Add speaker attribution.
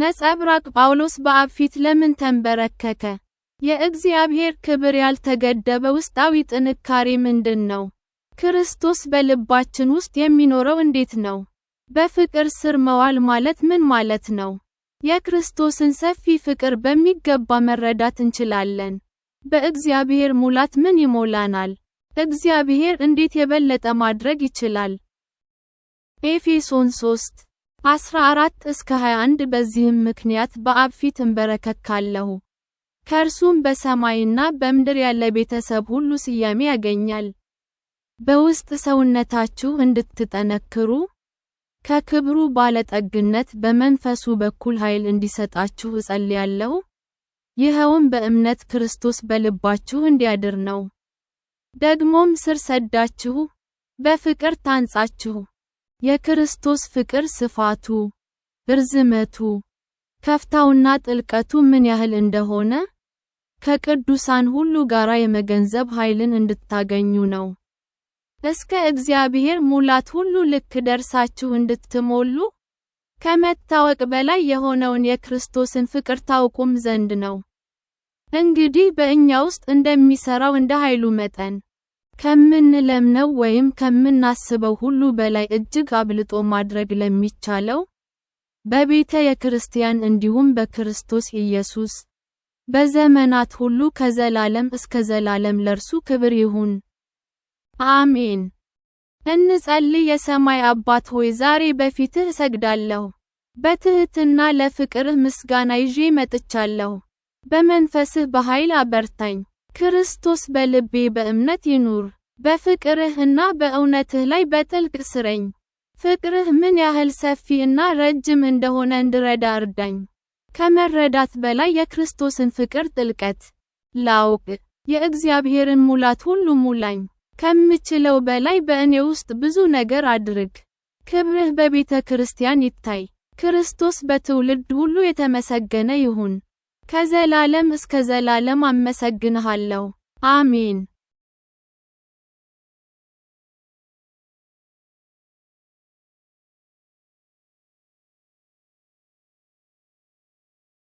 Speaker 1: ነጸብራቅ ጳውሎስ በአብ ፊት ለምን ተንበረከከ? የእግዚአብሔር ክብር ያልተገደበ ውስጣዊ ጥንካሬ ምንድን ነው? ክርስቶስ በልባችን ውስጥ የሚኖረው እንዴት ነው? በፍቅር ስር መዋል ማለት ምን ማለት ነው? የክርስቶስን ሰፊ ፍቅር በሚገባ መረዳት እንችላለን። በእግዚአብሔር ሙላት ምን ይሞላናል? እግዚአብሔር እንዴት የበለጠ ማድረግ ይችላል? ኤፌሶን 3 14 እስከ 21 በዚህም ምክንያት በአብ ፊት እንበረከካለሁ። ከእርሱም በሰማይና በምድር ያለ ቤተሰብ ሁሉ ስያሜ ያገኛል። በውስጥ ሰውነታችሁ እንድትጠነክሩ ከክብሩ ባለጠግነት በመንፈሱ በኩል ኃይል እንዲሰጣችሁ እጸልያለሁ። ይኸውም በእምነት ክርስቶስ በልባችሁ እንዲያድር ነው። ደግሞም ስር ሰዳችሁ በፍቅር ታንጻችሁ የክርስቶስ ፍቅር ስፋቱ፣ ርዝመቱ፣ ከፍታውና ጥልቀቱ ምን ያህል እንደሆነ ከቅዱሳን ሁሉ ጋራ የመገንዘብ ኃይልን እንድታገኙ ነው። እስከ እግዚአብሔር ሙላት ሁሉ ልክ ደርሳችሁ እንድትሞሉ ከመታወቅ በላይ የሆነውን የክርስቶስን ፍቅር ታውቁም ዘንድ ነው። እንግዲህ በእኛ ውስጥ እንደሚሰራው እንደ ኃይሉ መጠን ከምንለምነው ወይም ከምናስበው ሁሉ በላይ እጅግ አብልጦ ማድረግ ለሚቻለው፣ በቤተ የክርስቲያን እንዲሁም በክርስቶስ ኢየሱስ፣ በዘመናት ሁሉ ከዘላለም እስከ ዘላለም ለርሱ ክብር ይሁን። አሜን። እንጸልይ። የሰማይ አባት ሆይ ዛሬ በፊትህ እሰግዳለሁ። በትህትና ለፍቅርህ ምስጋና ይዤ መጥቻለሁ። በመንፈስህ በኃይል አበርታኝ። ክርስቶስ በልቤ በእምነት ይኑር። በፍቅርህ እና በእውነትህ ላይ በጥልቅ ስረኝ። ፍቅርህ ምን ያህል ሰፊ እና ረጅም እንደሆነ እንድረዳ እርዳኝ። ከመረዳት በላይ የክርስቶስን ፍቅር ጥልቀት ላውቅ። የእግዚአብሔርን ሙላት ሁሉ ሙላኝ። ከምችለው በላይ በእኔ ውስጥ ብዙ ነገር አድርግ። ክብርህ በቤተ ክርስቲያን ይታይ። ክርስቶስ በትውልድ ሁሉ የተመሰገነ ይሁን። ከዘላለም እስከ ዘላለም አመሰግንሃለሁ። አሜን።